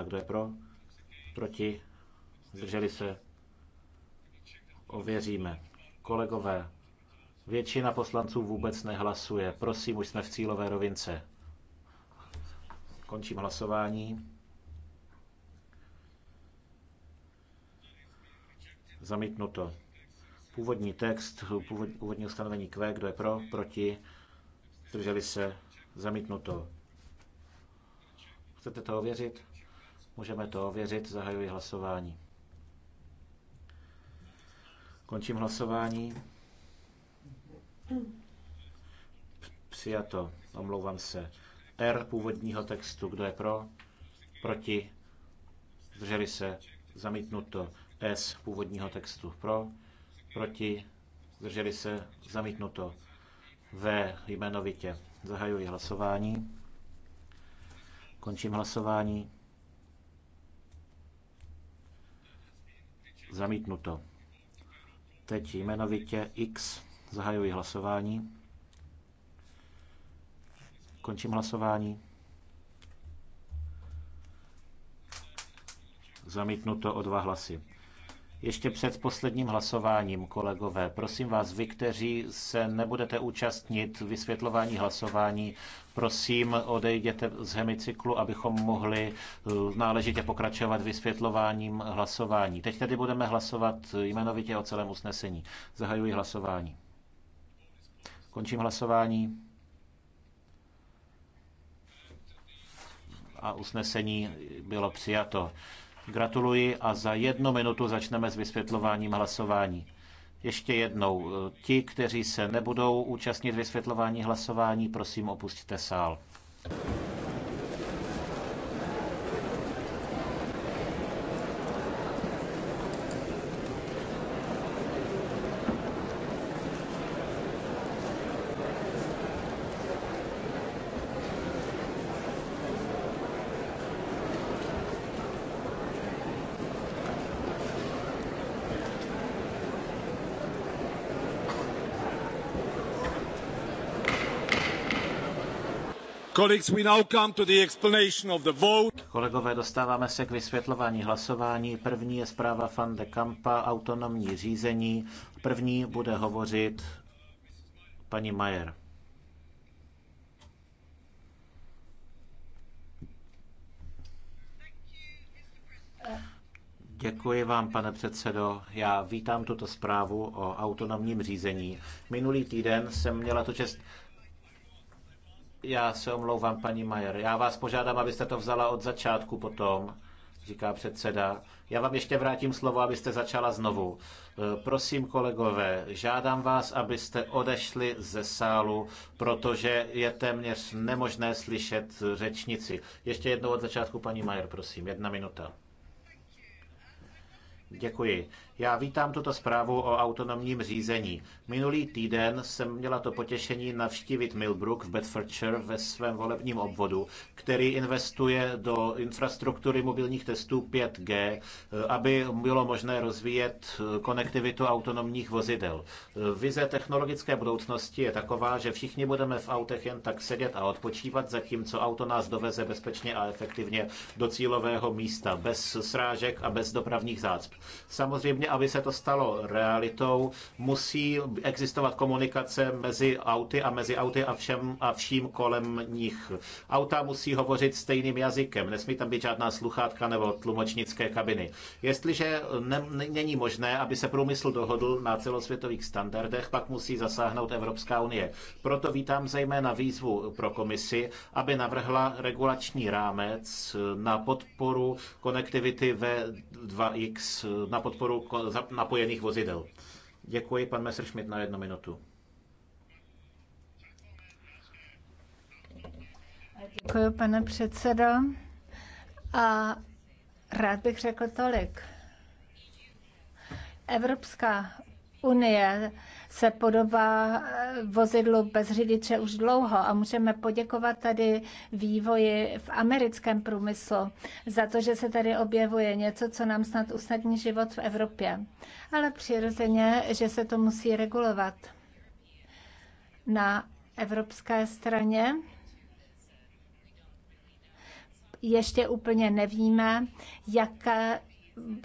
A kdo je pro? Proti? Zdrželi se? Ověříme. Kolegové, většina poslanců vůbec nehlasuje. Prosím, už jsme v cílové rovince. Končím hlasování. Zamítnuto. Původní text, původní ustanovení Q, kdo je pro, proti, zdrželi se, zamítnuto. Chcete to ověřit? Můžeme to ověřit, zahajuji hlasování. Končím hlasování. Přijato, omlouvám se. R původního textu, kdo je pro, proti, zdrželi se, zamítnuto. S původního textu pro, proti, zdrželi se, zamítnuto. V jmenovitě. Zahajuji hlasování. Končím hlasování. Zamítnuto. Teď jmenovitě X. Zahajuji hlasování. Končím hlasování. Zamítnuto o dva hlasy. Ještě před posledním hlasováním, kolegové, prosím vás, vy, kteří se nebudete účastnit vysvětlování hlasování, prosím odejděte z hemicyklu, abychom mohli eh, náležitě pokračovat vysvětlováním hlasování. Teď tedy budeme hlasovat jmenovitě o celém usnesení. Zahajuji hlasování. Končím hlasování. A usnesení bylo přijato. Gratuluji a za jednu minutu začneme s vysvětlováním hlasování. Ještě jednou, eh, ti, kteří se nebudou účastnit vysvětlování hlasování, prosím opustíte sál. Kolegové, dostáváme se k vysvětlování hlasování. První je zpráva van de Kampa, autonomní řízení. První bude hovořit paní Majer. Děkuji vám, pane předsedo. Já vítám tuto zprávu o autonomním řízení. Minulý týden jsem měla to čest já se omlouvám, paní Majer. Já vás požádám, abyste to vzala od začátku potom, říká předseda. Já vám ještě vrátím slovo, abyste začala znovu. E, prosím, kolegové, žádám vás, abyste odešli ze sálu, protože je téměř nemožné slyšet řečnici. Ještě jednou od začátku, paní Majer, prosím. Jedna minuta. Děkuji. Já vítám tuto zprávu o autonomním řízení. Minulý týden jsem měla to potěšení navštívit Millbrook v Bedfordshire ve svém volebním obvodu, který investuje do infrastruktury mobilních testů 5G, eh, aby bylo možné rozvíjet eh, konektivitu autonomních vozidel. Eh, vize technologické budoucnosti je taková, že všichni budeme v autech jen tak sedět a odpočívat, zatímco auto nás doveze bezpečně a efektivně do cílového místa, bez srážek a bez dopravních zácp. Samozřejmě aby se to stalo realitou, musí existovat komunikace mezi auty a mezi auty a, všem, a vším kolem nich. Auta musí hovořit stejným jazykem, nesmí tam být žádná sluchátka nebo tlumočnické kabiny. Jestliže ne, není možné, aby se průmysl dohodl na celosvětových standardech, pak musí zasáhnout Evropská unie. Proto vítám zejména výzvu pro komisi, aby navrhla regulační rámec na podporu konektivity V2X, na podporu napojených vozidel. Děkuji, pan Messerschmidt, na jednu minutu. Děkuji, pane předsedo. A rád bych řekl tolik. Evropská unie se podobá vozidlu bez řidiče už dlouho a můžeme poděkovat tady vývoji v americkém průmyslu za to, že se tady objevuje něco, co nám snad usnadní život v Evropě. Ale přirozeně, že se to musí regulovat na evropské straně ještě úplně nevíme, jaké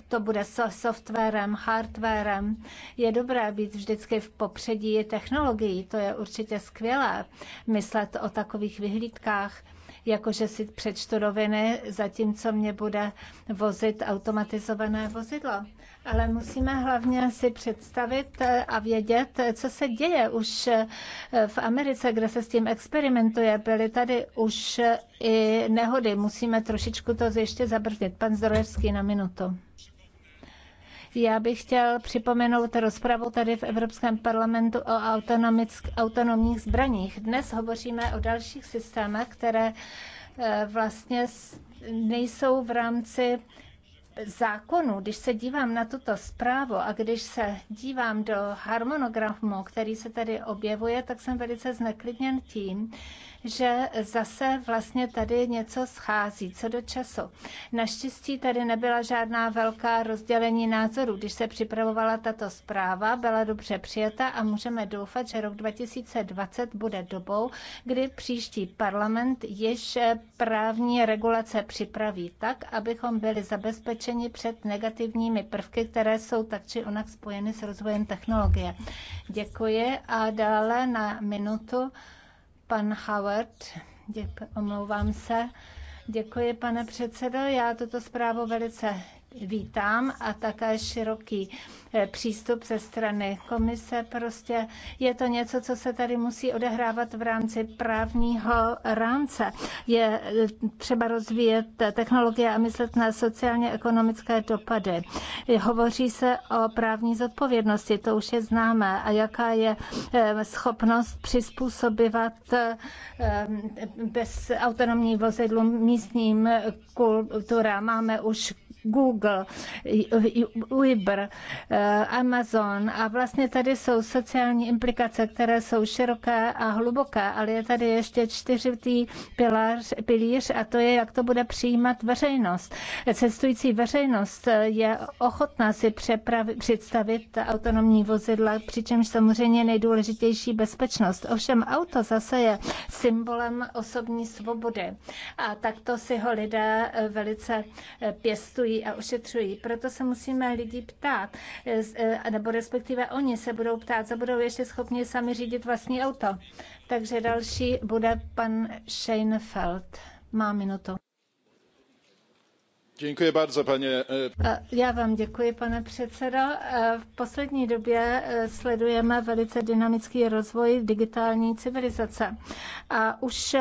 to bude softwarem, hardwarem. Je dobré být vždycky v popředí technologií, to je určitě skvělé myslet o takových vyhlídkách jakože si přečtu roviny, zatímco mě bude vozit automatizované vozidlo. Ale musíme hlavně si představit a vědět, co se děje už v Americe, kde se s tím experimentuje. Byly tady už i nehody. Musíme trošičku to ještě zabrzdit. Pan Zdrojevský na minutu. Já bych chtěl připomenout rozpravu tady v Evropském parlamentu o autonomních zbraních. Dnes hovoříme o dalších systémech, které eh, vlastně nejsou v rámci zákonů, když se dívám na tuto zprávu a když se dívám do harmonogramu, který se tady objevuje, tak jsem velice zneklidněn tím, že zase vlastně tady něco schází, co do času. Naštěstí tady nebyla žádná velká rozdělení názorů. Když se připravovala tato zpráva, byla dobře přijata a můžeme doufat, že rok 2020 bude dobou, kdy příští parlament již právní regulace připraví tak, abychom byli zabezpečeni před negativními prvky, které jsou tak či onak spojeny s rozvojem technologie. Děkuji a dále na minutu Pan Howard, děkuji, omlouvám se. Děkuji, pane předsedo. Já tuto zprávu velice vítám a také široký eh, přístup ze strany komise. Prostě je to něco, co se tady musí odehrávat v rámci právního rámce. Je eh, třeba rozvíjet technologie a myslet na sociálně-ekonomické dopady. Eh, hovoří se o právní zodpovědnosti, to už je známé, a jaká je schopnost přizpůsobovat bez autonomní vozidlu místním kulturám. Máme už Google, Uber, eh, Amazon a vlastně tady jsou sociální implikace, které jsou široké a hluboké, ale je tady ještě čtyřitý pilář, pilíř a to je, jak to bude přijímat veřejnost. Cestující veřejnost eh, je ochotná si přepravi, představit autonomní vozidla, přičemž samozřejmě nejdůležitější bezpečnost. Ovšem auto zase je symbolem osobní svobody a takto si ho lidé eh, velice pěstují sledují a ošetřují. Proto se musíme lidi ptát, eh, eh, nebo respektive oni se budou ptát, co budou ještě schopni sami řídit vlastní auto. Takže další bude pan Scheinfeld. Má minutu. Děkuji bardzo, paně. Eh, já vám děkuji, pane předsedo. V poslední době sledujeme velice dynamický rozvoj digitální civilizace a už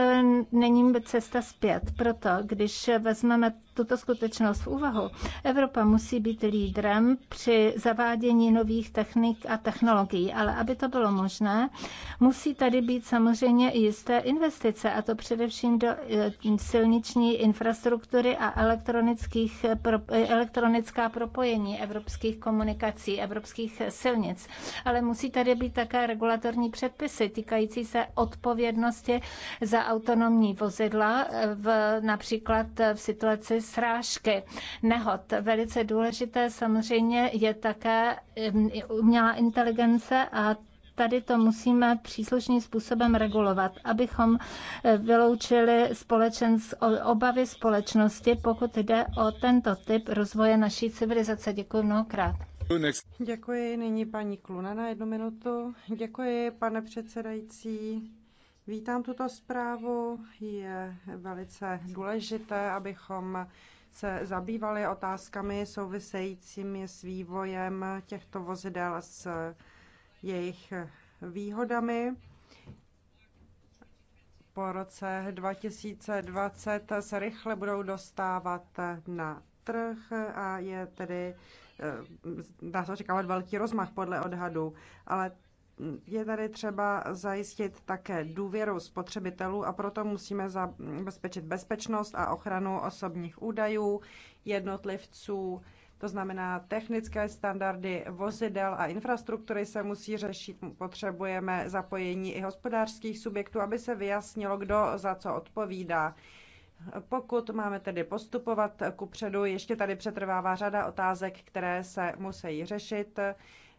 není cesta zpět. Proto, když vezmeme tuto skutečnost v úvahu, Evropa musí být lídrem při zavádění nových technik a technologií, ale aby to bylo možné, musí tady být samozřejmě i jisté investice, a to především do eh, silniční infrastruktury a elektronických, eh, eh, elektronická propojení evropských komunikací, evropských silnic. Ale musí tady být také regulatorní předpisy týkající se odpovědnosti za autonomní vozidla, v, například v situaci srážky, nehod. Velice důležité samozřejmě je také um, umělá inteligence a tady to musíme příslušným způsobem regulovat, abychom eh, vyloučili společens, obavy společnosti, pokud jde o tento typ rozvoje naší civilizace. Děkuji mnohokrát. Děkuji. Nyní paní Kluna na jednu minutu. Děkuji, pane předsedající. Vítám tuto zprávu. Je velice důležité, abychom se zabývali otázkami souvisejícími s vývojem těchto vozidel s jejich výhodami. Po roce 2020 se rychle budou dostávat na trh a je tedy, eh, dá se říkávat, velký rozmach podle odhadů. Ale je tady třeba zajistit také důvěru spotřebitelů a proto musíme zabezpečit bezpečnost a ochranu osobních údajů jednotlivců. To znamená, technické standardy vozidel a infrastruktury se musí řešit. Potřebujeme zapojení i hospodářských subjektů, aby se vyjasnilo, kdo za co odpovídá. Pokud máme tedy postupovat ku předu, ještě tady přetrvává řada otázek, které se musí řešit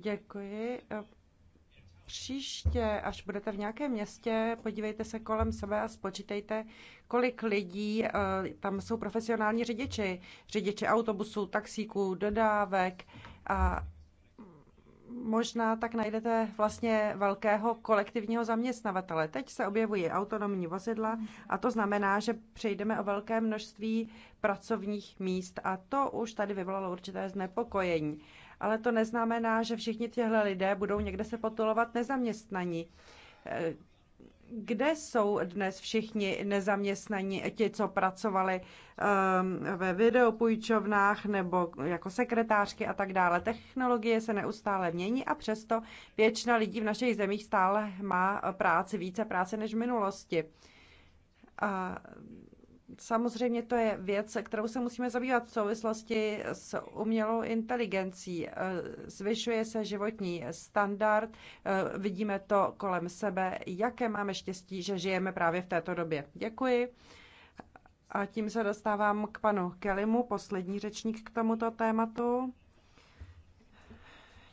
Děkuji. E, příště, až budete v nějakém městě, podívejte se kolem sebe a spočítejte, kolik lidí e, tam jsou profesionální řidiči. Řidiči autobusů, taxíků, dodávek a možná tak najdete vlastně velkého kolektivního zaměstnavatele. Teď se objevují autonomní vozidla a to znamená, že přejdeme o velké množství pracovních míst a to už tady vyvolalo určité znepokojení ale to neznamená, že všichni těhle lidé budou někde se potulovat nezaměstnaní. Eh, kde jsou dnes všichni nezaměstnaní, eh, ti, co pracovali ehm, ve videopůjčovnách nebo jako sekretářky a tak dále? Technologie se neustále mění a přesto většina lidí v našich zemích stále má eh, práci, více práce než v minulosti. A Samozřejmě to je věc, kterou se musíme zabývat v souvislosti s umělou inteligencí. Eh, zvyšuje se životní standard, eh, vidíme to kolem sebe, jaké máme štěstí, že žijeme právě v této době. Děkuji. A tím se dostávám k panu Kelimu, poslední řečník k tomuto tématu.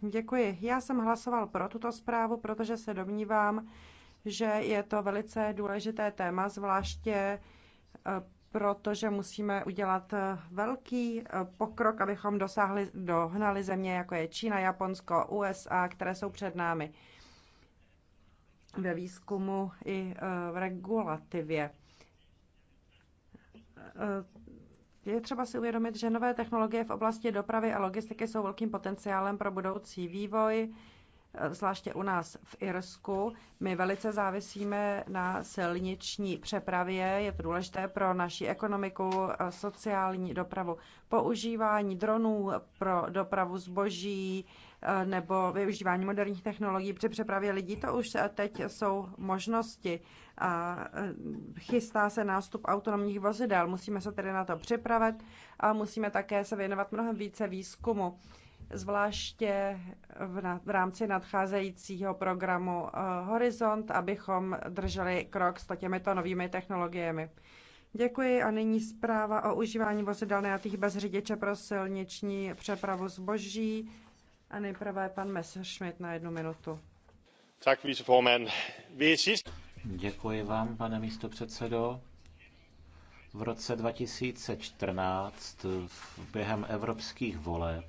Děkuji. Já jsem hlasoval pro tuto zprávu, protože se domnívám, že je to velice důležité téma, zvláště protože musíme udělat eh, velký eh, pokrok, abychom dosáhli, dohnali země, jako je Čína, Japonsko, USA, které jsou před námi ve výzkumu i eh, v regulativě. Je třeba si uvědomit, že nové technologie v oblasti dopravy a logistiky jsou velkým potenciálem pro budoucí vývoj zvláště u nás v Irsku. My velice závisíme na silniční přepravě, je to důležité pro naši ekonomiku, sociální dopravu, používání dronů pro dopravu zboží eh, nebo využívání moderních technologií při přepravě lidí. To už teď jsou možnosti. Eh, chystá se nástup autonomních vozidel. Musíme se tedy na to připravit a musíme také se věnovat mnohem více výzkumu zvláště v, v rámci nadcházejícího programu eh, Horizont, abychom drželi krok s těmito novými technologiemi. Děkuji a nyní zpráva o užívání vozidel najatých bez řidiče pro silniční přepravu zboží. A nejprve je pan Messerschmidt na jednu minutu. Tak, Děkuji vám, pane předsedo. V roce 2014 během evropských voleb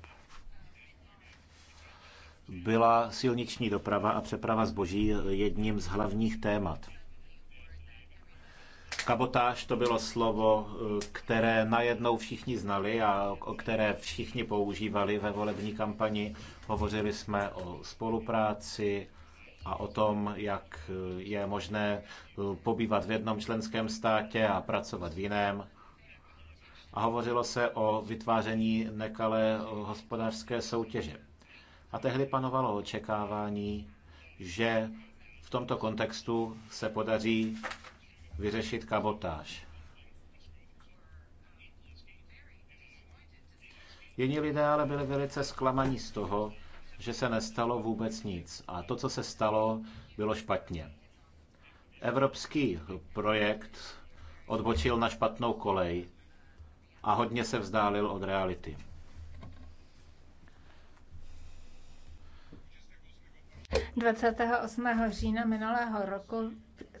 byla silniční doprava a přeprava zboží jedním z hlavních témat. Kabotáž to bylo slovo, které najednou všichni znali a o které všichni používali ve volební kampani. Hovořili jsme o spolupráci a o tom, jak je možné pobývat v jednom členském státě a pracovat v jiném. A hovořilo se o vytváření nekalé hospodářské soutěže. A tehdy panovalo očekávání, že v tomto kontextu se podaří vyřešit kabotáž. Jiní lidé ale byli velice zklamaní z toho, že se nestalo vůbec nic a to, co se stalo, bylo špatně. Evropský projekt odbočil na špatnou kolej a hodně se vzdálil od reality. 28. října minulého roku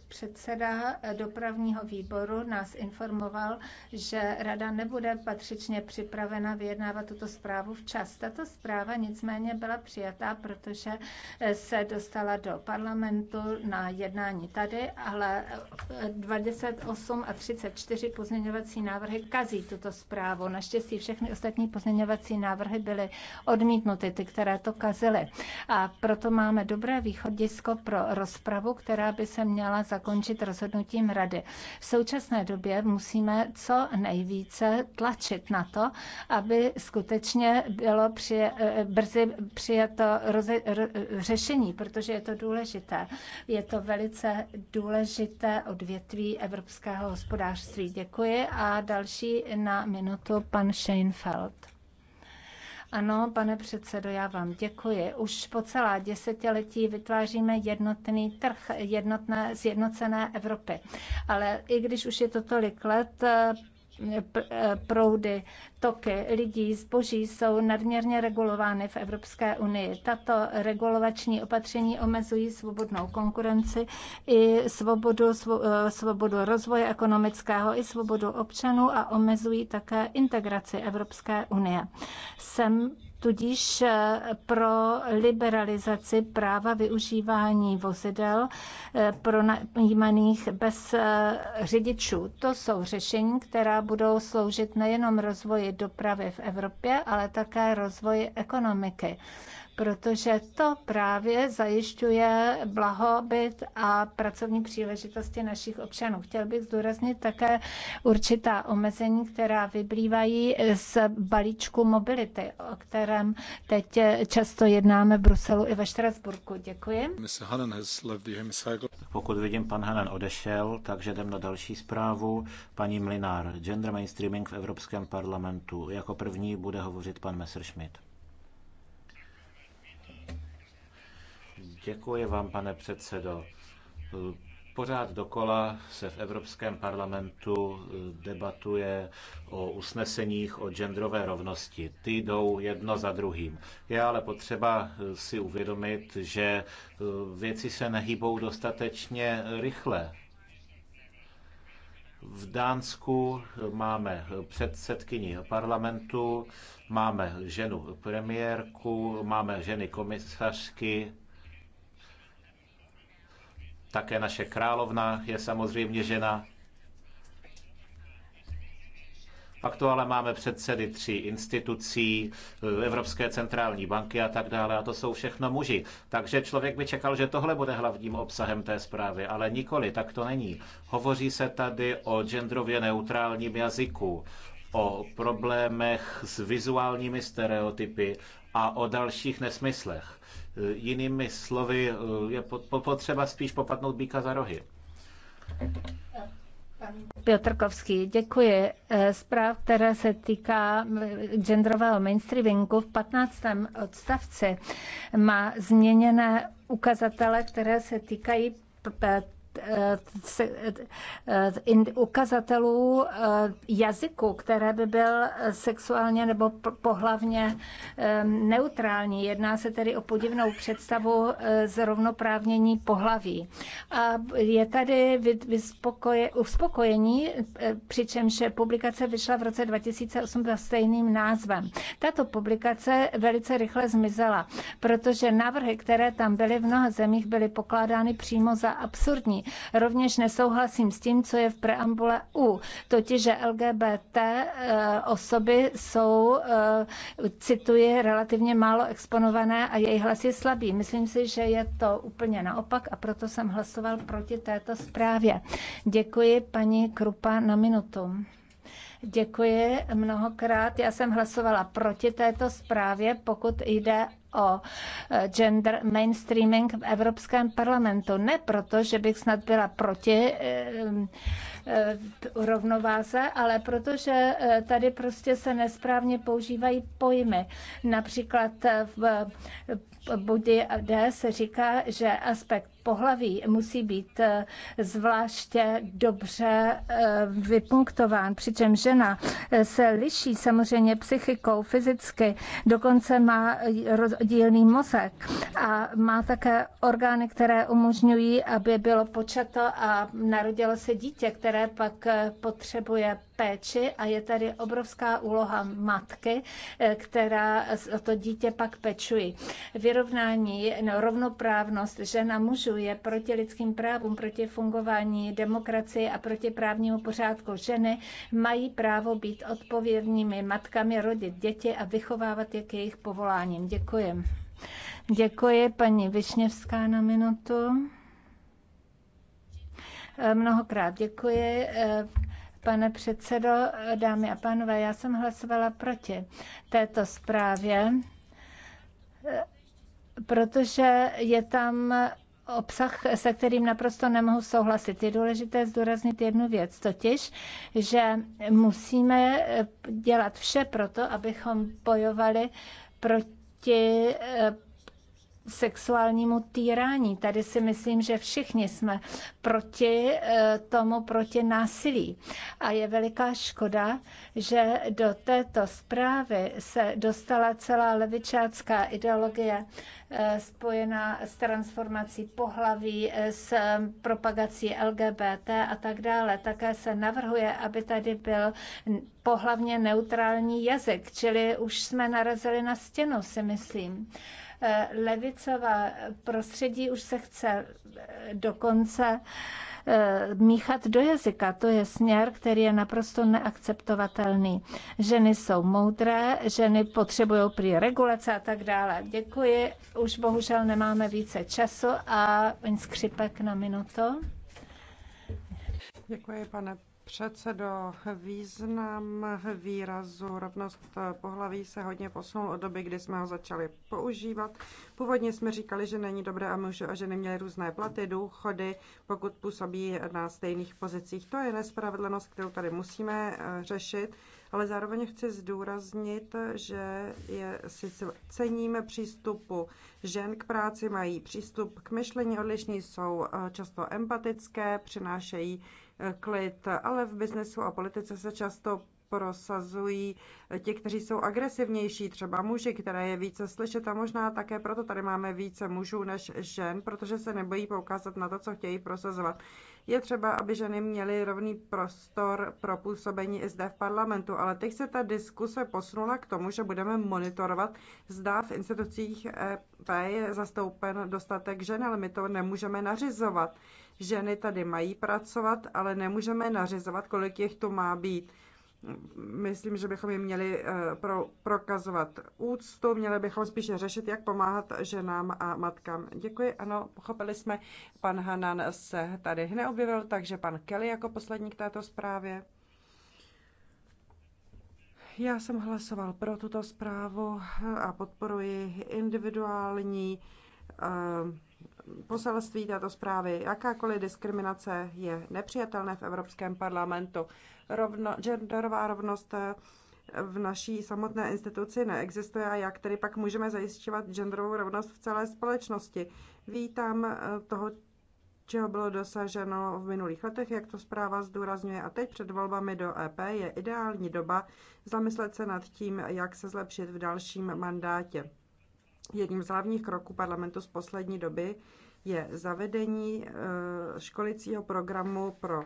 předseda dopravního výboru nás informoval, že rada nebude patřičně připravena vyjednávat tuto zprávu včas. Tato zpráva nicméně byla přijatá, protože se dostala do parlamentu na jednání tady, ale 28 a 34 pozměňovací návrhy kazí tuto zprávu. Naštěstí všechny ostatní pozměňovací návrhy byly odmítnuty, ty, které to kazily. A proto máme dobré východisko pro rozpravu, která by se měla za zakončit rozhodnutím rady. V současné době musíme co nejvíce tlačit na to, aby skutečně bylo při, eh, brzy přijato roze, řešení, protože je to důležité. Je to velice důležité odvětví evropského hospodářství. Děkuji a další na minutu pan Scheinfeld. Ano, pane předsedo, já vám děkuji. Už po celá desetiletí vytváříme jednotný trh, jednotné, zjednocené Evropy. Ale i když už je to tolik let, Eh, proudy, toky lidí, zboží jsou nadměrně regulovány v Evropské unii. Tato regulovační opatření omezují svobodnou konkurenci i svobodu, eh, svobodu rozvoje ekonomického i svobodu občanů a omezují také integraci Evropské unie. Jsem tudíž eh, pro liberalizaci práva využívání vozidel eh, najímaných bez eh, řidičů. To jsou řešení, která budou sloužit nejenom rozvoji dopravy v Evropě, ale také rozvoji ekonomiky protože to právě zajišťuje blahobyt a pracovní příležitosti našich občanů. Chtěl bych zdůraznit také určitá omezení, která vyplývají z balíčku mobility, o kterém teď často jednáme v Bruselu i ve Štrasburku. Děkuji. Pokud vidím, pan Hanan odešel, takže jdem na další zprávu. Paní Mlinár, gender mainstreaming v Evropském parlamentu. Jako první bude hovořit pan Messerschmidt. Děkuji vám, pane předsedo. Pořád dokola se v Evropském parlamentu debatuje o usneseních o genderové rovnosti. Ty jdou jedno za druhým. Je ale potřeba si uvědomit, že věci se nehýbou dostatečně rychle. V Dánsku máme předsedkyni parlamentu, máme ženu premiérku, máme ženy komisařky, také naše královna je samozřejmě žena. Aktuálně máme předsedy tří institucí, eh, Evropské centrální banky a tak dále, a to jsou všechno muži. Takže člověk by čekal, že tohle bude hlavním obsahem té zprávy, ale nikoli, tak to není. Hovoří se tady o genderově neutrálním jazyku, o problémech s vizuálními stereotypy a o dalších nesmyslech. Eh, jinými slovy, eh, je potřeba spíš popadnout býka za rohy. Piotrkovský, děkuji. Eh, zpráv, která se týká genderového mainstreamingu v 15. odstavci, má změněné ukazatele, které se týkají ukazatelů jazyku, které by byl sexuálně nebo pohlavně neutrální. Jedná se tedy o podivnou představu zrovnoprávnění pohlaví. A je tady uspokojení, přičemž publikace vyšla v roce 2008 za stejným názvem. Tato publikace velice rychle zmizela, protože návrhy, které tam byly v mnoha zemích, byly pokládány přímo za absurdní Rovněž nesouhlasím s tím, co je v preambule U, totiž, že LGBT eh, osoby jsou, eh, cituji, relativně málo exponované a jejich hlas je slabý. Myslím si, že je to úplně naopak a proto jsem hlasoval proti této zprávě. Děkuji paní Krupa na minutu. Děkuji mnohokrát. Já jsem hlasovala proti této zprávě, pokud jde o e, gender mainstreaming v Evropském parlamentu. Ne proto, že bych snad byla proti e, e, rovnováze, ale protože tady prostě se nesprávně používají pojmy. Například v Budi D se říká, že aspekt pohlaví musí být eh, zvláště dobře eh, vypunktován, přičemž žena eh, se liší samozřejmě psychikou, fyzicky, dokonce má rozdílný mozek a má také orgány, které umožňují, aby bylo počato a narodilo se dítě, které pak potřebuje péči a je tady obrovská úloha matky, eh, která to dítě pak pečují. Vyrovnání, no, rovnoprávnost žena mužů je proti lidským právům, proti fungování demokracie a proti právnímu pořádku. Ženy mají právo být odpovědnými matkami, rodit děti a vychovávat je k jejich povoláním. Děkuji. Děkuji paní Višněvská na minutu. Eh, mnohokrát děkuji eh, Pane předsedo, dámy a pánové, já jsem hlasovala proti této zprávě, protože je tam obsah, se kterým naprosto nemohu souhlasit. Je důležité zdůraznit jednu věc, totiž, že musíme dělat vše proto, abychom bojovali proti proti eh, sexuálnímu týrání. Tady si myslím, že všichni jsme proti eh, tomu, proti násilí. A je veliká škoda, že do této zprávy se dostala celá levičácká ideologie eh, spojená s transformací pohlaví, eh, s propagací LGBT a tak dále. Také se navrhuje, aby tady byl pohlavně neutrální jazyk, čili už jsme narazili na stěnu, si myslím. Eh, levicové prostředí už se chce eh, dokonce eh, míchat do jazyka. To je směr, který je naprosto neakceptovatelný. Ženy jsou moudré, ženy potřebují prý regulace a tak dále. Děkuji. Už bohužel nemáme více času a skřipek na minuto. Děkuji, pane předsedo, význam výrazu rovnost pohlaví se hodně posunul od doby, kdy jsme ho začali používat. Původně jsme říkali, že není dobré, a muži a ženy měly různé platy, důchody, pokud působí na stejných pozicích. To je nespravedlnost, kterou tady musíme eh, řešit, ale zároveň chci zdůraznit, že je, si ceníme přístupu žen k práci, mají přístup k myšlení odlišný, jsou eh, často empatické, přinášejí klid, ale v biznesu a politice se často prosazují ti, kteří jsou agresivnější, třeba muži, které je více slyšet a možná také proto tady máme více mužů než žen, protože se nebojí poukázat na to, co chtějí prosazovat. Je třeba, aby ženy měly rovný prostor pro působení i zde v parlamentu, ale teď se ta diskuse posunula k tomu, že budeme monitorovat, zda v institucích EP je zastoupen dostatek žen, ale my to nemůžeme nařizovat. Ženy tady mají pracovat, ale nemůžeme nařizovat, kolik jich tu má být. Myslím, že bychom jim měli eh, pro, prokazovat úctu, měli bychom spíše řešit, jak pomáhat ženám a matkám. Děkuji, ano, pochopili jsme. Pan Hanan se tady neobjevil, takže pan Kelly jako poslední k této zprávě. Já jsem hlasoval pro tuto zprávu a podporuji individuální uh, poselství této zprávy. Jakákoliv diskriminace je nepřijatelné v Evropském parlamentu. Rovno, genderová rovnost eh, v naší samotné instituci neexistuje a jak tedy pak můžeme zajišťovat genderovou rovnost v celé společnosti. Vítám eh, toho, čeho bylo dosaženo v minulých letech, jak to zpráva zdůrazňuje. A teď před volbami do EP je ideální doba zamyslet se nad tím, jak se zlepšit v dalším mandátě. Jedním z hlavních kroků parlamentu z poslední doby je zavedení eh, školicího programu pro eh,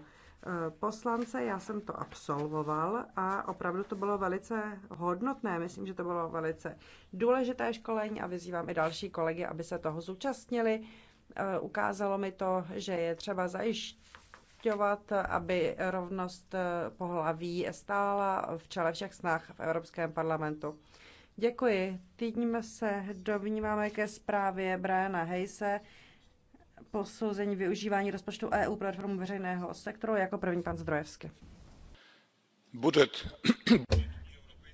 poslance. Já jsem to absolvoval a opravdu to bylo velice hodnotné. Myslím, že to bylo velice důležité školení a vyzývám i další kolegy, aby se toho zúčastnili. Eh, ukázalo mi to, že je třeba zajišťovat, aby rovnost pohlaví stála v čele všech snah v Evropském parlamentu. Děkuji. Týdníme se dovnímáme ke zprávě Briana Hejse, posouzení využívání rozpočtu EU pro reformu veřejného sektoru jako první pan Zdrojevsky. Budget.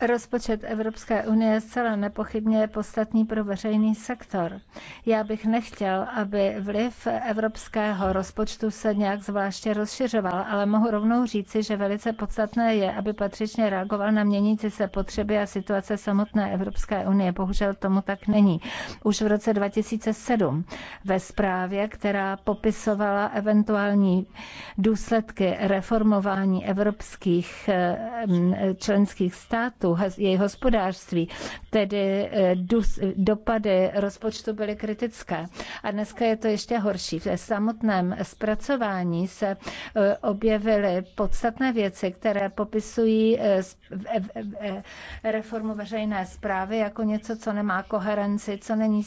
Rozpočet Evropské unie zcela nepochybně je podstatný pro veřejný sektor. Já bych nechtěl, aby vliv evropského rozpočtu se nějak zvláště rozšiřoval, ale mohu rovnou říci, že velice podstatné je, aby patřičně reagoval na měnící se potřeby a situace samotné Evropské unie. Bohužel tomu tak není. Už v roce 2007 ve zprávě, která popisovala eventuální důsledky reformování evropských eh, eh, členských států, států, její hospodářství, tedy eh, dopady rozpočtu byly kritické. A dneska je to ještě horší. V samotném zpracování se eh, objevily podstatné věci, které popisují eh, reformu veřejné zprávy jako něco, co nemá koherenci, co není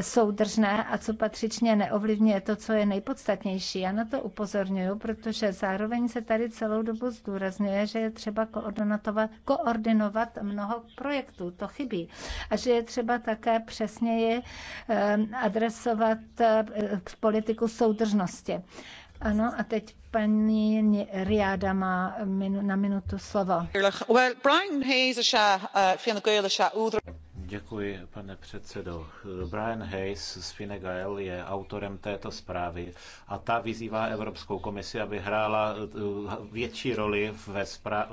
soudržné a co patřičně neovlivňuje to, co je nejpodstatnější. Já na to upozorňuji, protože zároveň se tady celou dobu zdůrazňuje, že je třeba koordinovat, koordinovat realizovat mnoho projektů. To chybí. A že je třeba také přesněji eh, adresovat eh, politiku soudržnosti. Ano, a teď paní Riada má minu, na minutu slovo. Děkuji, pane předsedo. Brian Hayes z Fine Gael je autorem této zprávy a ta vyzývá Evropskou komisi, aby hrála eh, větší roli ve,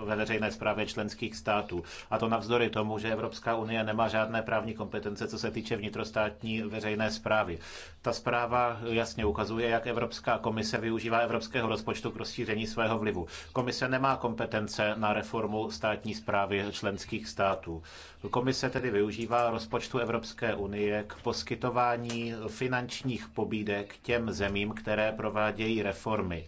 ve veřejné správě členských států. A to navzdory tomu, že Evropská unie nemá žádné právní kompetence, co se týče vnitrostátní veřejné správy. Ta zpráva jasně ukazuje, jak Evropská komise využívá evropského rozpočtu k rozšíření svého vlivu. Komise nemá kompetence na reformu státní správy členských států. Komise tedy využívá rozpočtu Evropské unie k poskytování finančních pobídek těm zemím, které provádějí reformy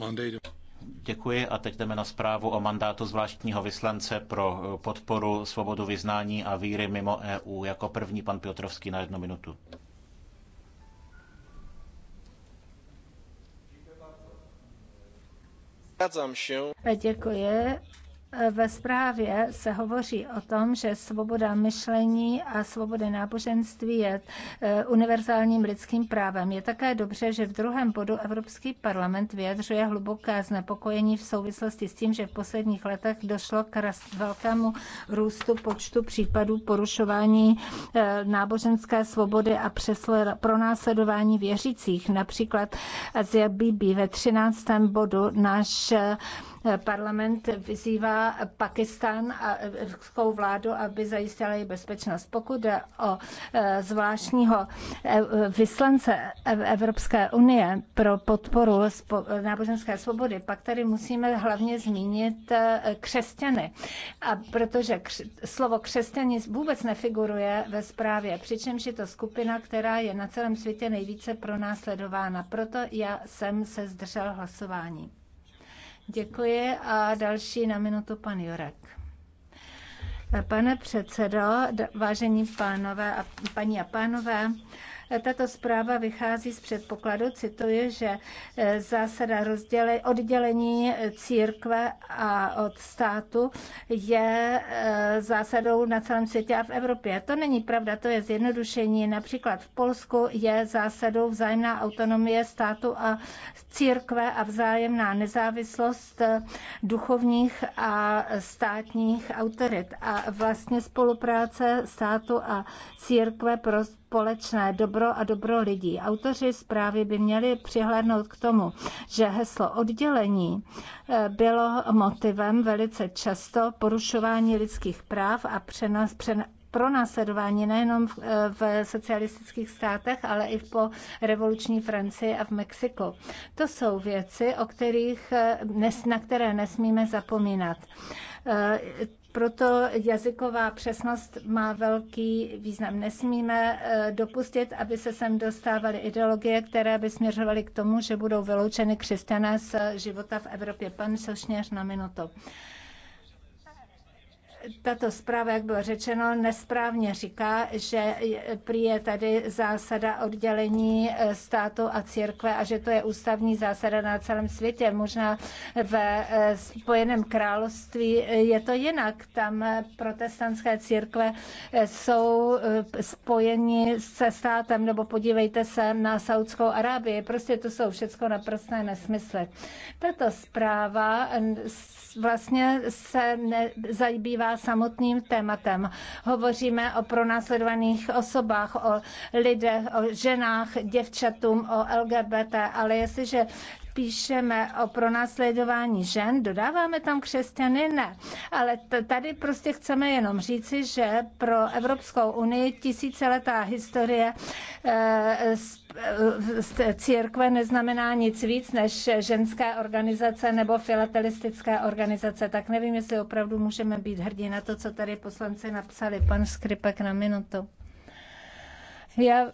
Děkuji a teď jdeme na zprávu o mandátu zvláštního vyslance pro podporu svobodu vyznání a víry mimo EU. Jako první pan Piotrovský na jednu minutu. Děkuji. Ve zprávě se hovoří o tom, že svoboda myšlení a svoboda náboženství je eh, univerzálním lidským právem. Je také dobře, že v druhém bodu Evropský parlament vyjadřuje hluboké znepokojení v souvislosti s tím, že v posledních letech došlo k velkému růstu počtu případů porušování eh, náboženské svobody a pronásledování věřících. Například Azia Bibi ve 13. bodu náš eh, Parlament vyzývá Pakistan a evropskou vládu, aby zajistila její bezpečnost. Pokud je o e, zvláštního e, vyslance e, Evropské unie pro podporu náboženské svobody, pak tady musíme hlavně zmínit křesťany. A protože slovo křesťaní vůbec nefiguruje ve zprávě, přičemž je to skupina, která je na celém světě nejvíce pronásledována. Proto já jsem se zdržel hlasování. Děkuji a další na minutu pan Jurek. Pane předsedo, vážení pánové a paní a pánové, tato zpráva vychází z předpokladu, cituje, že eh, zásada rozděle, oddělení eh, církve a od státu je eh, zásadou na celém světě a v Evropě. To není pravda, to je zjednodušení. Například v Polsku je zásadou vzájemná autonomie státu a církve a vzájemná nezávislost duchovních a státních autorit. A vlastně spolupráce státu a církve pro společné dobro a dobro lidí. Autoři zprávy by měli přihlédnout k tomu, že heslo oddělení eh, bylo motivem velice často porušování lidských práv a přenos, přen, následování nejenom v, eh, v socialistických státech, ale i po revoluční Francii a v Mexiku. To jsou věci, o kterých, eh, na které nesmíme zapomínat proto jazyková přesnost má velký význam. Nesmíme eh, dopustit, aby se sem dostávaly ideologie, které by směřovaly k tomu, že budou vyloučeny křesťané z života v Evropě. Pan Sošněř na minutu tato zpráva, jak bylo řečeno, nesprávně říká, že prý je tady zásada oddělení eh, státu a církve a že to je ústavní zásada na celém světě. Možná ve eh, Spojeném království eh, je to jinak. Tam protestantské církve jsou spojeni se státem, nebo podívejte se na Saudskou Arábii. Prostě to jsou všechno naprosté nesmysly. Tato zpráva vlastně se ne, zabývá samotným tématem. Hovoříme o pronásledovaných osobách, o lidech, o ženách, děvčatům, o LGBT, ale jestliže píšeme o pronásledování žen, dodáváme tam křesťany, ne. Ale tady prostě chceme jenom říci, že pro Evropskou unii tisíciletá historie e, církve neznamená nic víc než ženské organizace nebo filatelistické organizace. Tak nevím, jestli opravdu můžeme být hrdí na to, co tady poslanci napsali. Pan Skripek na minutu. Já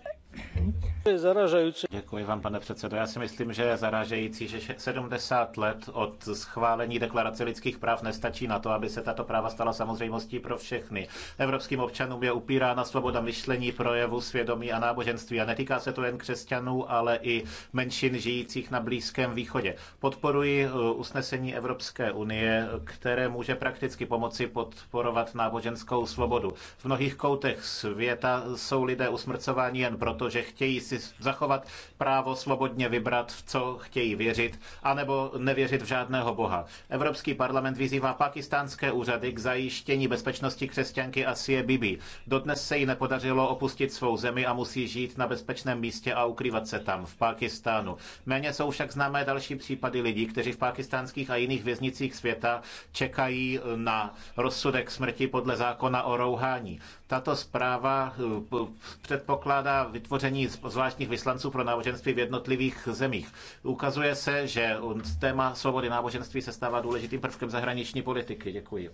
Děkuji vám, pane předsedo. Já si myslím, že je zaražející, že 70 let od schválení deklarace lidských práv nestačí na to, aby se tato práva stala samozřejmostí pro všechny. Evropským občanům je upírána svoboda myšlení, projevu, svědomí a náboženství. A netýká se to jen křesťanů, ale i menšin žijících na Blízkém východě. Podporuji eh, usnesení Evropské unie, které může prakticky pomoci podporovat náboženskou svobodu. V mnohých koutech světa jsou lidé usmrcováni jen proto, protože že chtějí si zachovat právo svobodně vybrat, v co chtějí věřit, anebo nevěřit v žádného boha. Evropský parlament vyzývá pakistánské úřady k zajištění bezpečnosti křesťanky Asie Bibi. Dodnes se jí nepodařilo opustit svou zemi a musí žít na bezpečném místě a ukrývat se tam, v Pakistánu. Méně jsou však známé další případy lidí, kteří v pakistánských a jiných věznicích světa čekají na rozsudek smrti podle zákona o rouhání. Tato zpráva eh, předpokládá vytvoření zvláštních vyslanců pro náboženství v jednotlivých zemích. Ukazuje se, že téma svobody náboženství se stává důležitým prvkem zahraniční politiky. Děkuji.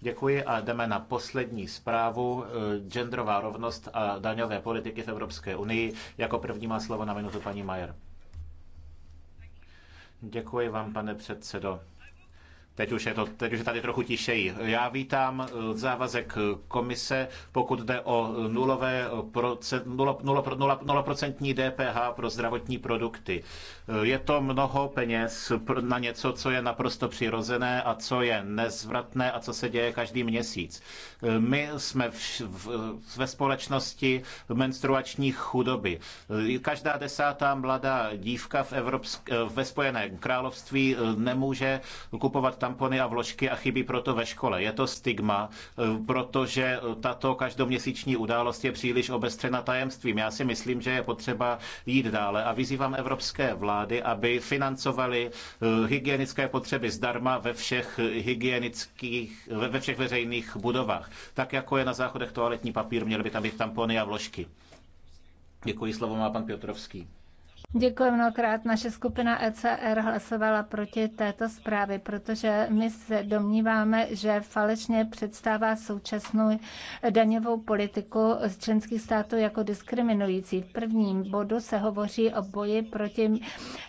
Děkuji a jdeme na poslední zprávu. Eh, genderová rovnost a daňové politiky v Evropské unii. Jako první má slovo na minutu paní Majer. Děkuji vám, pane předsedo. Teď už, je to, teď už je tady trochu tišeji. Já vítám eh, závazek eh, komise, pokud jde o eh, nulové procent, DPH pro zdravotní produkty. Je to mnoho peněz na něco, co je naprosto přirozené a co je nezvratné a co se děje každý měsíc. My jsme v, v, ve společnosti menstruačních chudoby. Každá desátá mladá dívka v Evropsk, ve Spojeném království nemůže kupovat tam tampony a vložky a chybí proto ve škole. Je to stigma, eh, protože tato každoměsíční událost je příliš obestřena tajemstvím. Já si myslím, že je potřeba jít dále a vyzývám evropské vlády, aby financovali eh, hygienické potřeby zdarma ve všech hygienických, ve všech veřejných budovách. Tak jako je na záchodech toaletní papír, měly by tam být tampony a vložky. Děkuji, slovo má pan Piotrovský. Děkuji mnohokrát. Naše skupina ECR hlasovala proti této zprávě, protože my se domníváme, že falešně představá současnou daňovou politiku z členských států jako diskriminující. V prvním bodu se hovoří o boji proti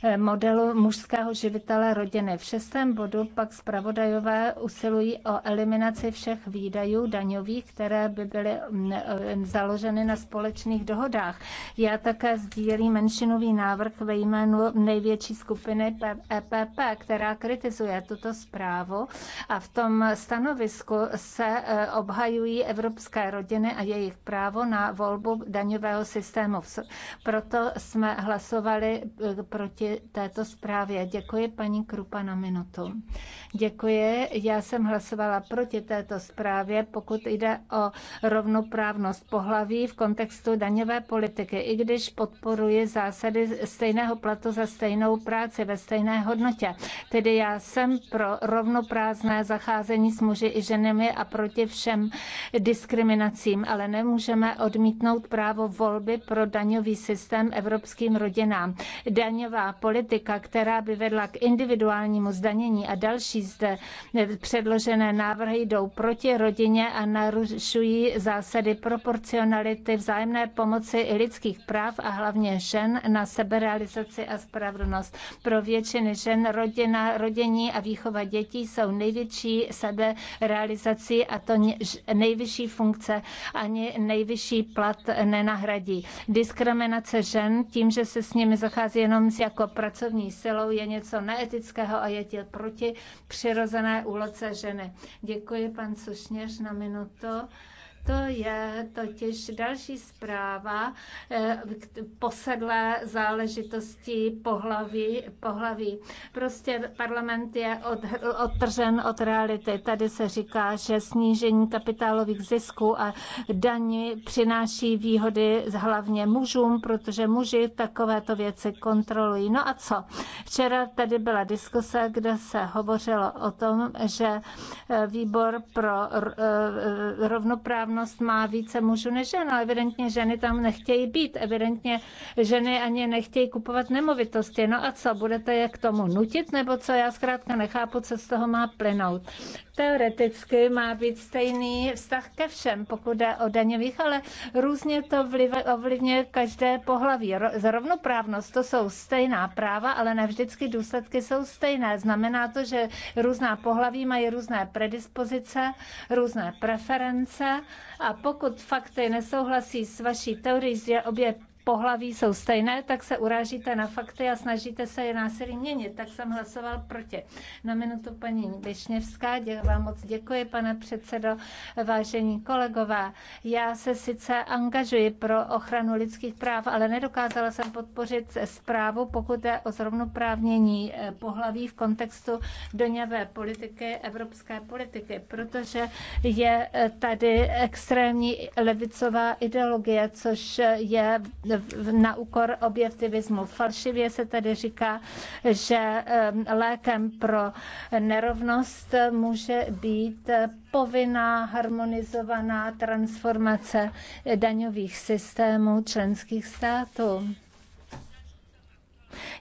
eh, modelu mužského živitele rodiny. V šestém bodu pak zpravodajové usilují o eliminaci všech výdajů daňových, které by byly mm, eh, založeny na společných dohodách. Já také sdílím menšinový návrh návrh ve jménu největší skupiny EPP, která kritizuje tuto zprávu a v tom stanovisku se e, obhajují evropské rodiny a jejich právo na volbu daňového systému. Proto jsme hlasovali e, proti této zprávě. Děkuji paní Krupa na minutu. Děkuji. Já jsem hlasovala proti této zprávě, pokud jde o rovnoprávnost pohlaví v kontextu daňové politiky, i když podporuji zásady stejného platu za stejnou práci ve stejné hodnotě. Tedy já jsem pro rovnoprázné zacházení s muži i ženami a proti všem diskriminacím, ale nemůžeme odmítnout právo volby pro daňový systém evropským rodinám. Daňová politika, která by vedla k individuálnímu zdanění a další zde předložené návrhy jdou proti rodině a narušují zásady proporcionality, vzájemné pomoci i lidských práv a hlavně žen na sebe seberealizaci a spravedlnost. Pro většiny žen rodina, rodění a výchova dětí jsou největší seberealizací a to nejvyšší funkce ani nejvyšší plat nenahradí. Diskriminace žen tím, že se s nimi zachází jenom jako pracovní silou, je něco neetického a je tě proti přirozené úloce ženy. Děkuji, pan Sušněř, na minutu. To je totiž další zpráva eh, posedlé záležitosti pohlaví. pohlaví. Prostě parlament je od, odtržen od reality. Tady se říká, že snížení kapitálových zisků a daní přináší výhody hlavně mužům, protože muži takovéto věci kontrolují. No a co? Včera tady byla diskuse, kde se hovořilo o tom, že eh, výbor pro eh, rovnoprávnost slavnost má více mužů než žen, ale evidentně ženy tam nechtějí být, evidentně ženy ani nechtějí kupovat nemovitosti. No a co, budete je k tomu nutit, nebo co? Já zkrátka nechápu, co z toho má plynout teoreticky má být stejný vztah ke všem, pokud jde o daňových, ale různě to ovlivňuje každé pohlaví. Zrovnoprávnost to jsou stejná práva, ale ne vždycky důsledky jsou stejné. Znamená to, že různá pohlaví mají různé predispozice, různé preference a pokud fakty nesouhlasí s vaší teorií, že obě pohlaví jsou stejné, tak se urážíte na fakty a snažíte se je násilí měnit. Tak jsem hlasoval proti. Na minutu paní Višněvská, dě, vám moc děkuji, pane předsedo, vážení kolegové. Já se sice angažuji pro ochranu lidských práv, ale nedokázala jsem podpořit zprávu, pokud je o zrovnoprávnění eh, pohlaví v kontextu doňavé politiky, evropské politiky, protože je eh, tady extrémní levicová ideologie, což je na úkor objektivismu. Falšivě se tady říká, že lékem pro nerovnost může být povinná harmonizovaná transformace daňových systémů členských států.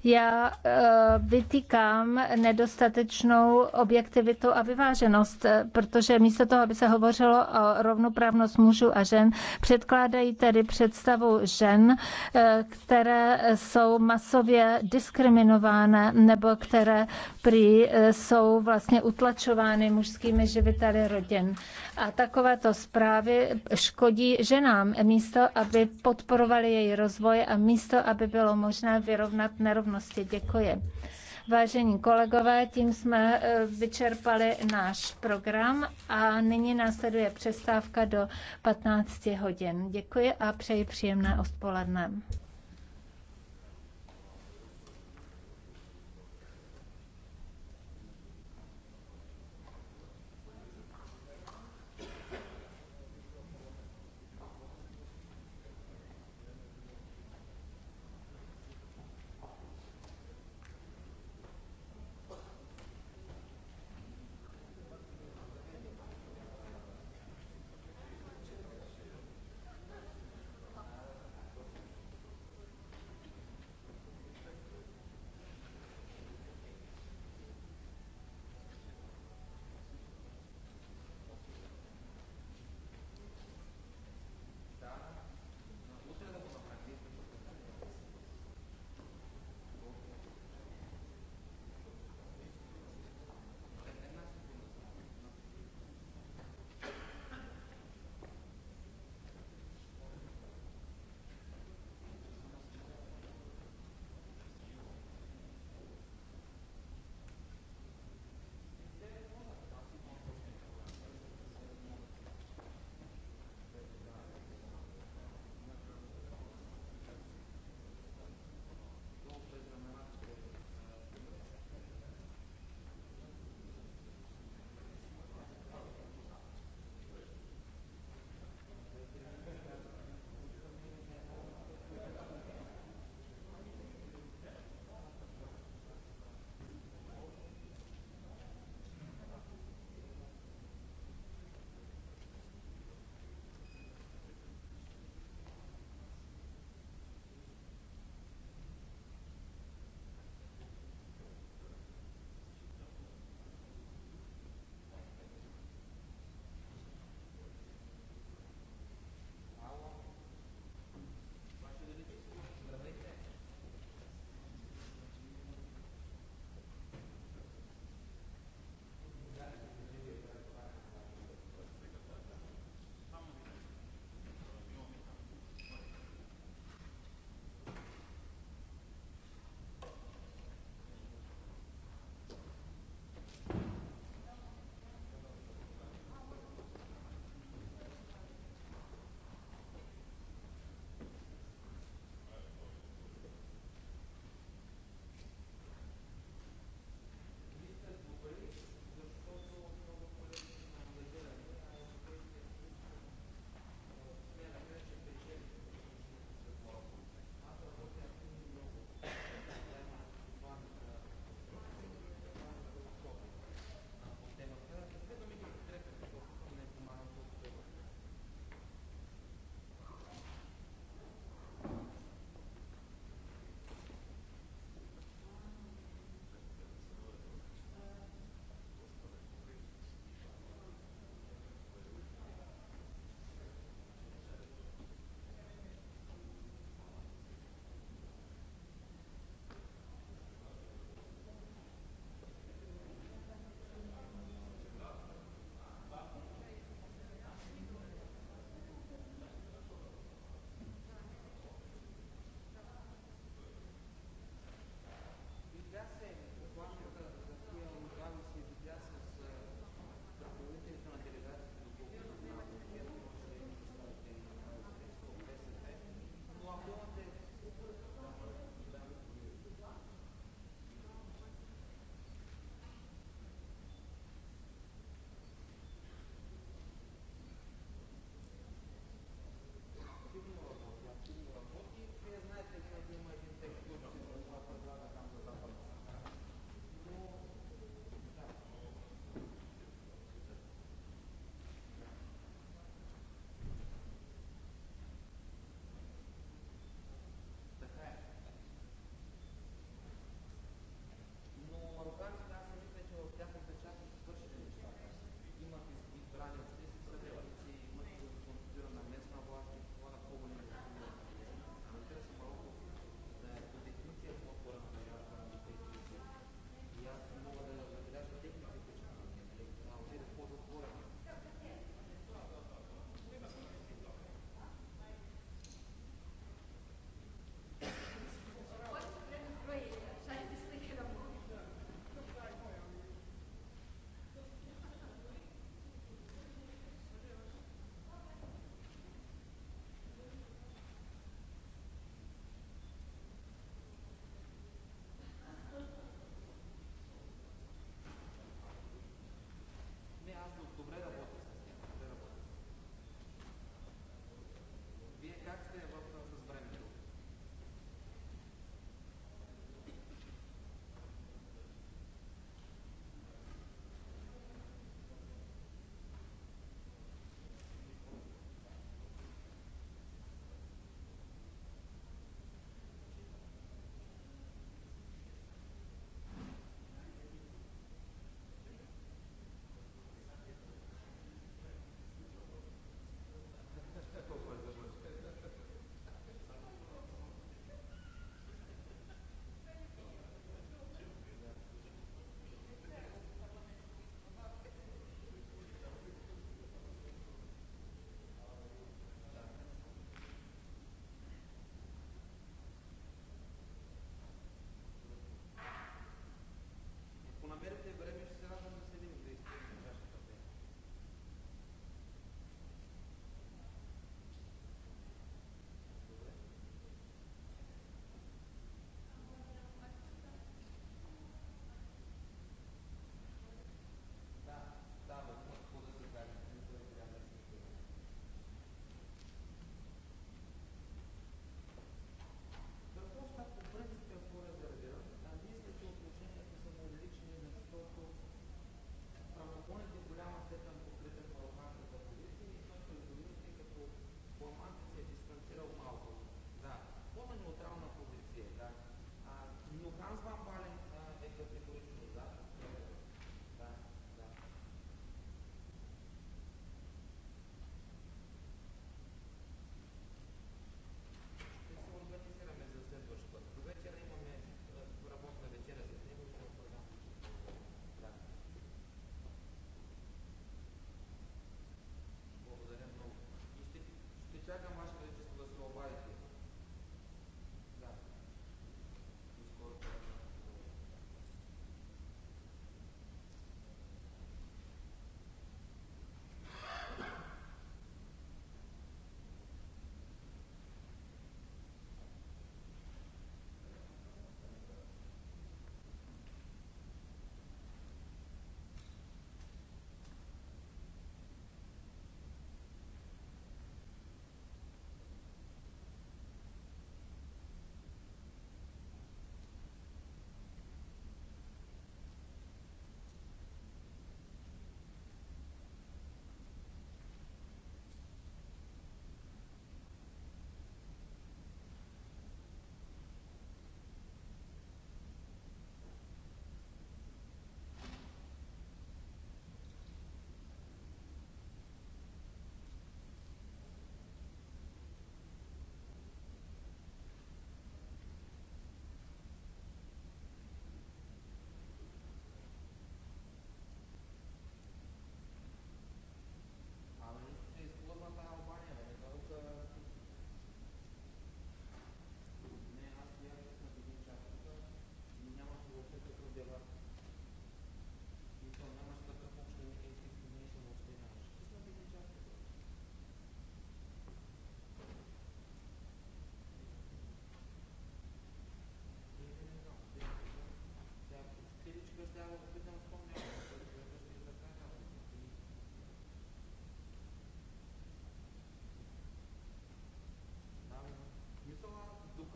Já eh, vytýkám nedostatečnou objektivitu a vyváženost, eh, protože místo toho, aby se hovořilo o rovnoprávnost mužů a žen, předkládají tedy představu žen, eh, které jsou masově diskriminovány nebo které prý jsou vlastně utlačovány mužskými živiteli rodin. A takovéto zprávy škodí ženám místo, aby podporovali její rozvoj a místo, aby bylo možné vyrovnat nerovnost pozornosti. Děkuji. Vážení kolegové, tím jsme eh, vyčerpali náš program a nyní následuje přestávka do 15 hodin. Děkuji a přeji příjemné odpoledne.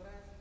práci.